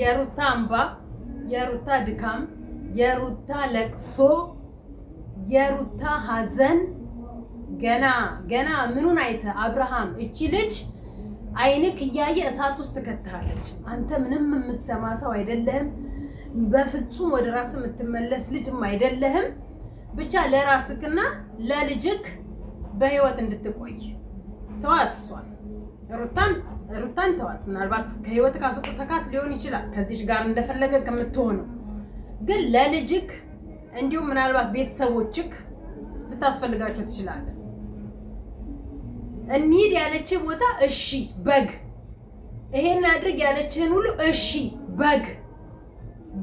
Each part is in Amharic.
የሩታ እንባ፣ የሩታ ድካም፣ የሩታ ለቅሶ፣ የሩታ ሀዘን ገና ገና ምኑን አይተህ አብርሃም፣ እቺ ልጅ አይንክ እያየ እሳት ውስጥ ትከትሃለች። አንተ ምንም የምትሰማ ሰው አይደለህም። በፍጹም ወደ ራስ የምትመለስ ልጅም አይደለህም። ብቻ ለራስክና ለልጅክ በህይወት እንድትቆይ ተዋት። እሷን ሩታን ሩታን ተዋት። ምናልባት ከህይወት ተካት ሊሆን ይችላል ከዚች ጋር እንደፈለገ ከምትሆነው ግን ለልጅክ እንዲሁም ምናልባት ቤተሰቦችክ ልታስፈልጋቸው ትችላለህ። እንሂድ ያለችህ ቦታ እሺ በግ፣ ይሄን አድርግ ያለችህን ሁሉ እሺ በግ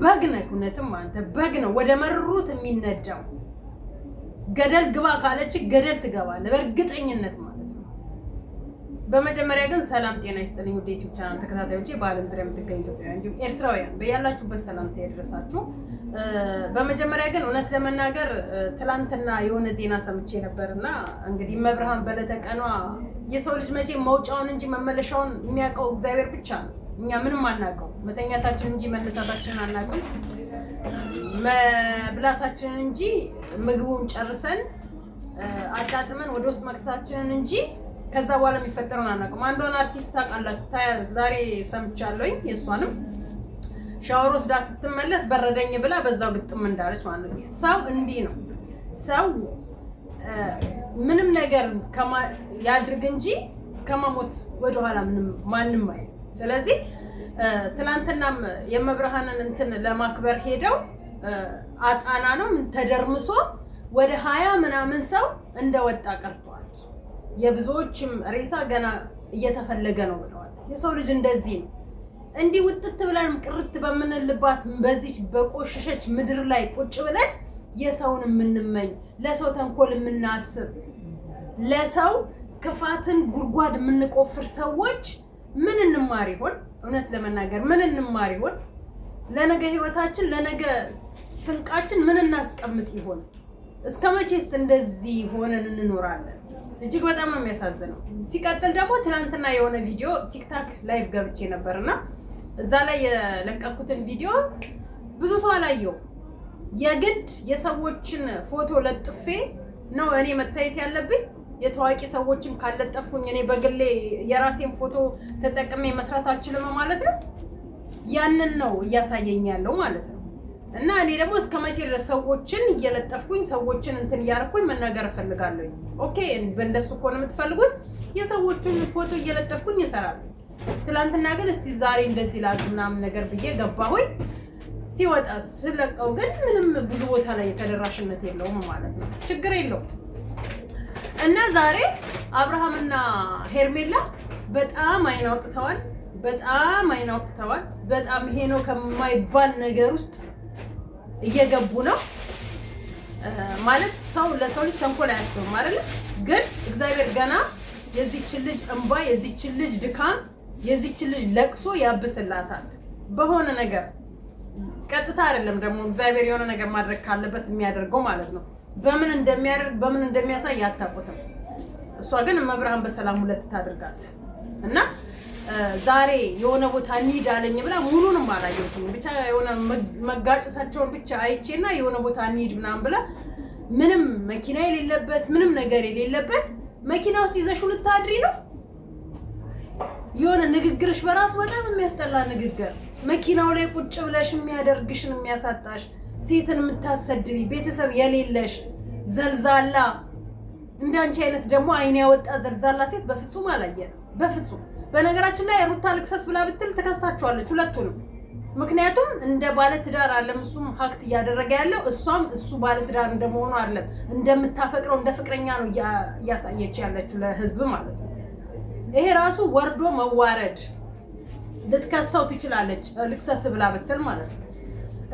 በግ ነህ። እውነትም አንተ በግ ነው ወደ መሩት የሚነዳው። ገደል ግባ ካለች ገደል ትገባለህ በእርግጠኝነት። በመጀመሪያ ግን ሰላም ጤና ይስጥልኝ ውድ ዩቲዩብ ቻናል ተከታታዮቼ፣ በዓለም ዙሪያ የምትገኙ ኢትዮጵያ እንዲሁም ኤርትራውያን በያላችሁበት ሰላምታ ይድረሳችሁ። በመጀመሪያ ግን እውነት ለመናገር ትላንትና የሆነ ዜና ሰምቼ ነበር እና እንግዲህ መብርሃን በለተቀኗ ቀኗ የሰው ልጅ መቼ መውጫውን እንጂ መመለሻውን የሚያውቀው እግዚአብሔር ብቻ ነው። እኛ ምንም አናውቀው፣ መተኛታችን እንጂ መነሳታችን አናውቅም፣ መብላታችንን እንጂ ምግቡን ጨርሰን አጣጥመን ወደ ውስጥ መክተታችንን እንጂ ከዛ በኋላ የሚፈጠረውን አናውቅም። አንዷን አርቲስት ታውቃላችሁ፣ ዛሬ ሰምቻለሁኝ። የእሷንም ሻወር ወስዳ ስትመለስ በረደኝ ብላ በዛው ግጥም እንዳለች ማለት ነው። ሰው እንዲህ ነው። ሰው ምንም ነገር ያድርግ እንጂ ከማሞት ወደኋላ ማንም አይ። ስለዚህ ትናንትናም የመብርሃንን እንትን ለማክበር ሄደው አጣና ነው ተደርምሶ ወደ ሀያ ምናምን ሰው እንደወጣ ቀርቷል። የብዙዎችም ሬሳ ገና እየተፈለገ ነው ብለዋል። የሰው ልጅ እንደዚህ ነው። እንዲህ ውጥት ብለን ቅርት በምንልባት በዚች በቆሸሸች ምድር ላይ ቁጭ ብለን የሰውን የምንመኝ፣ ለሰው ተንኮል የምናስብ፣ ለሰው ክፋትን ጉድጓድ የምንቆፍር ሰዎች ምን እንማር ይሆን? እውነት ለመናገር ምን እንማር ይሆን? ለነገ ህይወታችን፣ ለነገ ስንቃችን ምን እናስቀምጥ ይሆን? እስከ መቼስ እንደዚህ ሆነን እንኖራለን? እጅግ በጣም ነው የሚያሳዝነው። ሲቀጥል ደግሞ ትናንትና የሆነ ቪዲዮ ቲክታክ ላይቭ ገብቼ ነበር እና እዛ ላይ የለቀኩትን ቪዲዮ ብዙ ሰው አላየው። የግድ የሰዎችን ፎቶ ለጥፌ ነው እኔ መታየት ያለብኝ። የታዋቂ ሰዎችን ካለጠፍኩኝ እኔ በግሌ የራሴን ፎቶ ተጠቅሜ መስራት አልችልም ማለት ነው። ያንን ነው እያሳየኝ ያለው ማለት ነው። እና እኔ ደግሞ እስከ መቼ ድረስ ሰዎችን እየለጠፍኩኝ ሰዎችን እንትን እያደረኩኝ መናገር እፈልጋለሁ። ኦኬ በእንደሱ እኮ ነው የምትፈልጉት። የሰዎቹን ፎቶ እየለጠፍኩኝ ይሰራሉ። ትላንትና ግን እስቲ ዛሬ እንደዚህ ላሉ ምናምን ነገር ብዬ ገባሁኝ። ሲወጣ ስለቀው ግን ምንም ብዙ ቦታ ላይ የተደራሽነት የለውም ማለት ነው። ችግር የለው እና ዛሬ አብርሃምና ሄርሜላ በጣም አይን አውጥተዋል። በጣም አይን አውጥተዋል። በጣም ይሄ ነው ከማይባል ነገር ውስጥ እየገቡ ነው። ማለት ሰው ለሰው ልጅ ተንኮል አያስብም አይደለ? ግን እግዚአብሔር ገና የዚችን ልጅ እንባ፣ የዚችን ልጅ ድካም፣ የዚችን ልጅ ለቅሶ ያብስላታል በሆነ ነገር። ቀጥታ አይደለም ደግሞ እግዚአብሔር የሆነ ነገር ማድረግ ካለበት የሚያደርገው ማለት ነው። በምን እንደሚያደርግ በምን እንደሚያሳይ አታውቁትም። እሷ ግን መብርሃን በሰላም ሁለት ታድርጋት እና ዛሬ የሆነ ቦታ እንሂድ አለኝ ብላ ሙሉንም አላየሁትም። ብቻ የሆነ መጋጨታቸውን ብቻ አይቼና የሆነ ቦታ እንሂድ ምናምን ብላ ምንም መኪና የሌለበት ምንም ነገር የሌለበት መኪና ውስጥ ይዘሽ ልታድሪ ነው። የሆነ ንግግርሽ በራሱ በጣም የሚያስጠላ ንግግር፣ መኪናው ላይ ቁጭ ብለሽ የሚያደርግሽን የሚያሳጣሽ፣ ሴትን የምታሰድቢ፣ ቤተሰብ የሌለሽ ዘልዛላ። እንዳንቺ አይነት ደግሞ አይን ያወጣ ዘልዛላ ሴት በፍጹም አላየንም፣ በፍጹም በነገራችን ላይ ሩታ ልክሰስ ብላ ብትል ትከሳቸዋለች ሁለቱንም። ምክንያቱም እንደ ባለትዳር አለም እሱም ሀክት እያደረገ ያለው እሷም እሱ ባለትዳር እንደመሆኑ አለም እንደምታፈቅረው እንደ ፍቅረኛ ነው እያሳየች ያለችው ለህዝብ ማለት ነው። ይሄ ራሱ ወርዶ መዋረድ ልትከሰው ትችላለች፣ ልክሰስ ብላ ብትል ማለት ነው።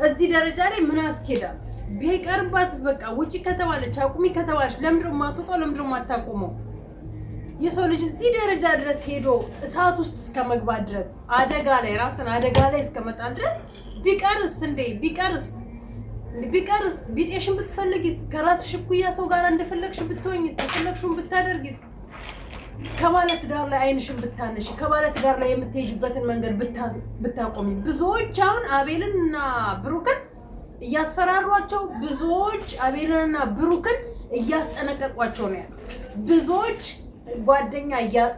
እዚህ ደረጃ ላይ ምን አስኬዳት? ቢቀርባትስ በቃ ውጪ ከተባለች አቁሚ ከተባለች ለምንድን ነው የማትወጣው? ለምንድን ነው የማታቆመው? የሰው ልጅ እዚህ ደረጃ ድረስ ሄዶ እሳት ውስጥ እስከ መግባት ድረስ አደጋ ላይ ራስን አደጋ ላይ እስከመጣል ድረስ ቢቀርስ እንዴ ቢቀርስ ቢቀርስ ቢጤሽን ብትፈልጊስ ከራስሽ እኩያ ሰው ጋር እንደፈለግሽ ብትሆኝስ የፈለግሽውን ብታደርጊስ ከባለ ትዳር ላይ አይንሽን ብታነሽ ከባለ ትዳር ላይ የምትሄጅበትን መንገድ ብታቆሚ። ብዙዎች አሁን አቤልንና ብሩክን እያስፈራሯቸው፣ ብዙዎች አቤልንና ብሩክን እያስጠነቀቋቸው ነው ያሉ ብዙዎች ጓደኛ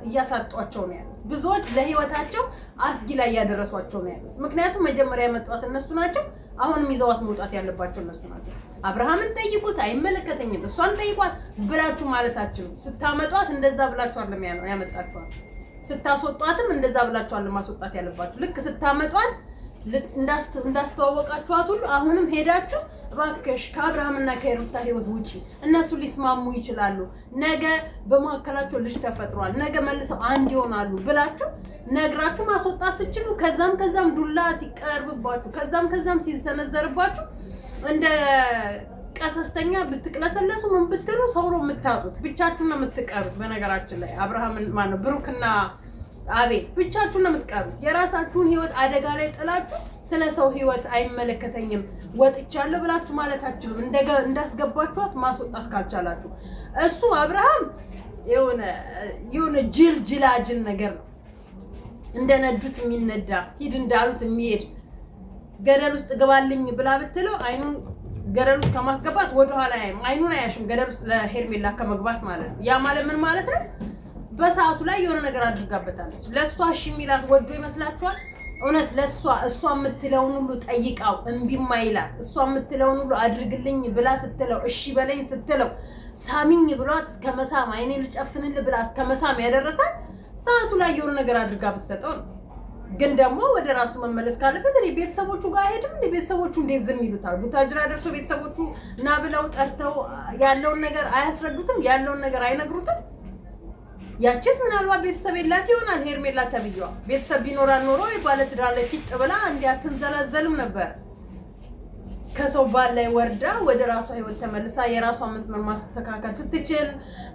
እያሳጧቸው ነው ያሉት። ብዙዎች ለህይወታቸው አስጊ ላይ እያደረሷቸው ነው ያሉት። ምክንያቱም መጀመሪያ የመጧት እነሱ ናቸው። አሁንም ይዘዋት መውጣት ያለባቸው እነሱ ናቸው። አብርሃምን ጠይቁት፣ አይመለከተኝም፣ እሷን ጠይቋት ብላችሁ ማለታችሁ ስታመጧት እንደዛ ብላችኋል ያመጣችኋል። ስታስወጧትም እንደዛ ብላችኋል ማስወጣት ያለባችሁ። ልክ ስታመጧት እንዳስተዋወቃችኋት ሁሉ አሁንም ሄዳችሁ እባክሽ ከአብርሃምና ከሩታ ህይወት ውጪ። እነሱ ሊስማሙ ይችላሉ፣ ነገ በመካከላቸው ልጅ ተፈጥሯል፣ ነገ መልሰው አንድ ይሆናሉ ብላችሁ ነግራችሁ ማስወጣት ስትችሉ፣ ከዛም ከዛም ዱላ ሲቀርብባችሁ፣ ከዛም ከዛም ሲሰነዘርባችሁ እንደ ቀሰስተኛ ብትቅለሰለሱ ምን ብትሉ ሰው ነው የምታጡት፣ ብቻችሁን ነው የምትቀሩት። በነገራችን ላይ አብርሃም ማነው ብሩክና አቤል ብቻችሁን ነው የምትቀሩት። የራሳችሁን ህይወት አደጋ ላይ ጥላችሁ ስለ ሰው ህይወት አይመለከተኝም ወጥቻለሁ ብላችሁ ማለት አችሉም። እንዳስገባችኋት ማስወጣት ካልቻላችሁ እሱ አብርሃም የሆነ የሆነ ጅል ጅላጅል ነገር ነው። እንደነዱት የሚነዳ ሂድ እንዳሉት የሚሄድ ገደል ውስጥ ግባልኝ ብላ ብትለው አይኑን ገደል ውስጥ ከማስገባት ወደኋላ አይኑን አያሽም። ገደል ውስጥ ለሄርሜላ ከመግባት ማለት ነው። ያ ማለት ምን ማለት ነው? በሰዓቱ ላይ የሆነ ነገር አድርጋበታለች። ለእሷ እሺ የሚላት ወዶ ይመስላችኋል? እውነት ለእሷ እሷ የምትለውን ሁሉ ጠይቃው እምቢ ይላል። እሷ የምትለውን ሁሉ አድርግልኝ ብላ ስትለው እሺ በለኝ ስትለው ሳሚኝ ብሏት እስከ መሳም አይኔ ልጨፍንል ብላ እስከ መሳም ያደረሳት ሰዓቱ ላይ የሆነ ነገር አድርጋ ብትሰጠው ነው። ግን ደግሞ ወደ ራሱ መመለስ ካለበት እኔ ቤተሰቦቹ ጋር ሄድም እንደ ቤተሰቦቹ እንዴት ዝም ይሉታል? ቡታጅራ ደርሶ ቤተሰቦቹ ና ብለው ጠርተው ያለውን ነገር አያስረዱትም፣ ያለውን ነገር አይነግሩትም። ያችስ ምናልባት ቤተሰብ የላት ይሆናል። ሄርሜላ ተብዬዋ ቤተሰብ ቢኖራት ኖሮ ባለትዳር ላይ ፊጥ ብላ እንዲህ አትንዘላዘልም ነበር። ከሰው ባል ላይ ወርዳ ወደ ራሷ ህይወት ተመልሳ የራሷ መስመር ማስተካከል ስትችል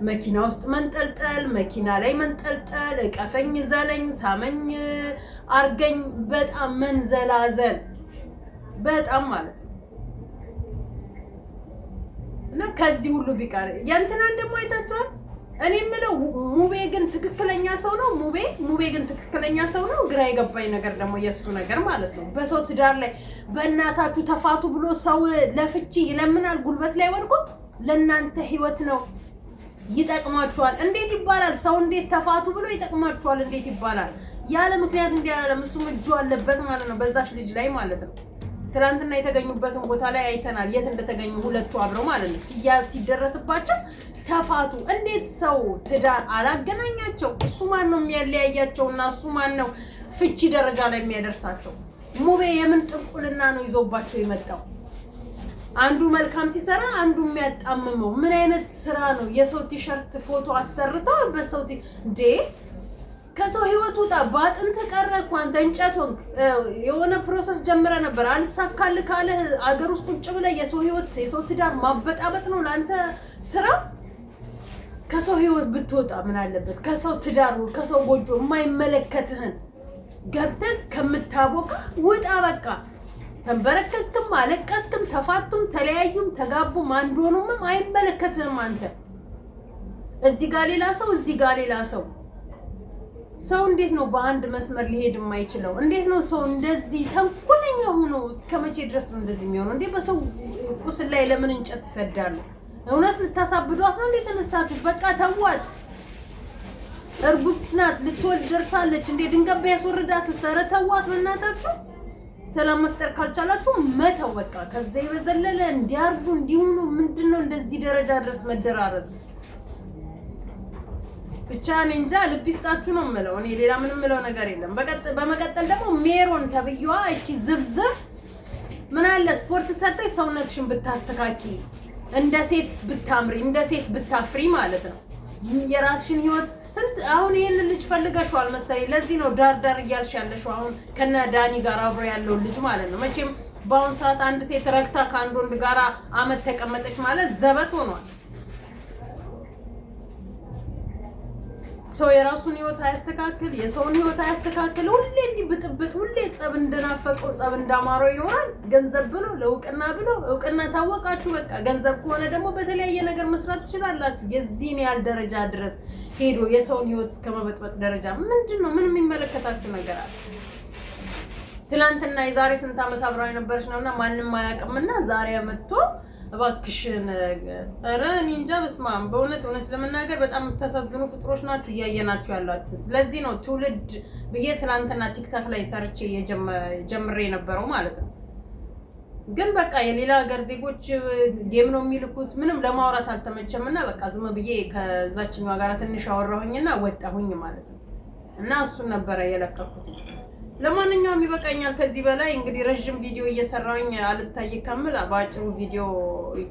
መኪና ውስጥ መንጠልጠል፣ መኪና ላይ መንጠልጠል፣ እቀፈኝ፣ ዘለኝ፣ ሳመኝ፣ አርገኝ፣ በጣም መንዘላዘል በጣም ማለት ነው። እና ከዚህ ሁሉ ቢቀር የእንትናን ደግሞ አይታችኋል። እኔ የምለው ትክክለኛ ሰው ነው ሙቤ። ሙቤ ግን ትክክለኛ ሰው ነው። ግራ የገባኝ ነገር ደግሞ የእሱ ነገር ማለት ነው። በሰው ትዳር ላይ በእናታችሁ ተፋቱ ብሎ ሰው ለፍቺ ይለምናል፣ ጉልበት ላይ ወድቆ። ለእናንተ ህይወት ነው ይጠቅማችኋል። እንዴት ይባላል? ሰው እንዴት ተፋቱ ብሎ ይጠቅማችኋል? እንዴት ይባላል? ያለ ምክንያት እንዲህ አላለም። እሱም እጁ አለበት ማለት ነው፣ በዛች ልጅ ላይ ማለት ነው። ትናንትና የተገኙበትን ቦታ ላይ አይተናል፣ የት እንደተገኙ ሁለቱ አብረው ማለት ነው ሲያዝ ሲደረስባቸው ተፋቱ። እንዴት ሰው ትዳር አላገናኛቸው? እሱ ማን ነው የሚያለያያቸው? እና እሱ ማን ነው ፍቺ ደረጃ ላይ የሚያደርሳቸው? ሙቤ የምን ጥንቁልና ነው ይዞባቸው የመጣው? አንዱ መልካም ሲሰራ አንዱ የሚያጣምመው ምን አይነት ስራ ነው? የሰው ቲሸርት ፎቶ አሰርተው በሰው እንዴ! ከሰው ህይወት ውጣ። በአጥንት ቀረ እኮ አንተ እንጨት ሆንክ። የሆነ ፕሮሰስ ጀምረ ነበር አልሳካልህ ካለ አገር ውስጥ ቁጭ ብለ የሰው ህይወት የሰው ትዳር ማበጣበጥ ነው ለአንተ ስራ። ከሰው ህይወት ብትወጣ ምን አለበት? ከሰው ትዳር፣ ከሰው ጎጆ የማይመለከትህን ገብተን ከምታቦካ ውጣ። በቃ ተንበረከክም፣ አለቀስክም፣ ተፋቱም፣ ተለያዩም፣ ተጋቡም፣ አንድ አይመለከትም አይመለከትህም። አንተ እዚህ ጋር ሌላ ሰው፣ እዚህ ጋር ሌላ ሰው። ሰው እንዴት ነው በአንድ መስመር ሊሄድ የማይችለው? እንዴት ነው ሰው እንደዚህ ተንኮለኛ ሆኖ እስከመቼ ድረስ ነው እንደዚህ የሚሆነው? እንዴ በሰው ቁስል ላይ ለምን እንጨት ይሰዳሉ? እውነት ልታሳብዷት ነው ተነሳችሁ በቃ ተዋት። እርጉዝ ናት፣ ልትወልድ ደርሳለች። እንዴ ድንገት ቢያስወርዳት ሰረ ተዋት። እናታችሁ ሰላም መፍጠር ካልቻላችሁ መተው በቃ። ከዛ የበዘለለ እንዲያርጉ እንዲሆኑ ምንድን ነው እንደዚህ ደረጃ ድረስ መደራረስ? ብቻ እኔ እንጃ ልብ ይስጣችሁ ነው የምለው እኔ። ሌላ ምንም የምለው ነገር የለም። በመቀጠል ደግሞ ሜሮን ተብዬዋ እቺ ዝፍዝፍ ምን አለ ስፖርት ሰርተሽ ሰውነትሽን ብታስተካኪ እንደ ሴት ብታምሪ እንደ ሴት ብታፍሪ ማለት ነው። የራስሽን ህይወት ስንት አሁን ይህን ልጅ ፈልገሽዋል መሰለኝ። ለዚህ ነው ዳር ዳር እያልሽ ያለሽው አሁን ከነ ዳኒ ጋር አብሮ ያለው ልጅ ማለት ነው። መቼም በአሁኑ ሰዓት አንድ ሴት ረግታ ከአንድ ወንድ ጋር አመት ተቀመጠች ማለት ዘበት ሆኗል። ሰው የራሱን ህይወት አያስተካክል፣ የሰውን ህይወት አያስተካክል። ሁሌ እንዲህ ብጥብጥ፣ ሁሌ ጸብ እንደናፈቀው ጸብ እንዳማረው ይሆናል። ገንዘብ ብሎ ለእውቅና ብሎ እውቅና ታወቃችሁ በቃ። ገንዘብ ከሆነ ደግሞ በተለያየ ነገር መስራት ትችላላችሁ። የዚህን ያህል ደረጃ ድረስ ሄዶ የሰውን ህይወት እስከ መበጥበጥ ደረጃ ምንድን ነው? ምን የሚመለከታችሁ ነገር አለ? ትላንትና የዛሬ ስንት ዓመት አብራ የነበረች ነውና ማንም አያውቅምና ዛሬ መጥቶ እባክሽን ኧረ እኔ እንጃ በስመ አብ በእውነት እውነት ለመናገር በጣም የምታሳዝኑ ፍጥሮች ናችሁ እያየናችሁ ያላችሁት ለዚህ ነው ትውልድ ብዬ ትናንትና ቲክታክ ላይ ሰርቼ ጀምሬ የነበረው ማለት ነው ግን በቃ የሌላ ሀገር ዜጎች ጌም ነው የሚልኩት ምንም ለማውራት አልተመቸም እና በቃ ዝም ብዬ ከዛችኛ ጋር ትንሽ አወራሁኝና ወጣሁኝ ማለት ነው እና እሱን ነበረ የለቀኩት ለማንኛውም ይበቃኛል። ከዚህ በላይ እንግዲህ ረዥም ቪዲዮ እየሰራኝ አልታይ ከምል በአጭሩ ቪዲዮ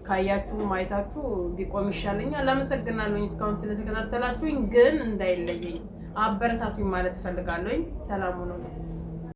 ካያችሁ ማየታችሁ ቢቆም ይሻለኛል። አመሰግናለሁኝ እስካሁን ስለተከታተላችሁኝ። ግን እንዳይለየኝ አበረታቱኝ ማለት እፈልጋለሁኝ። ሰላም ሁኑ።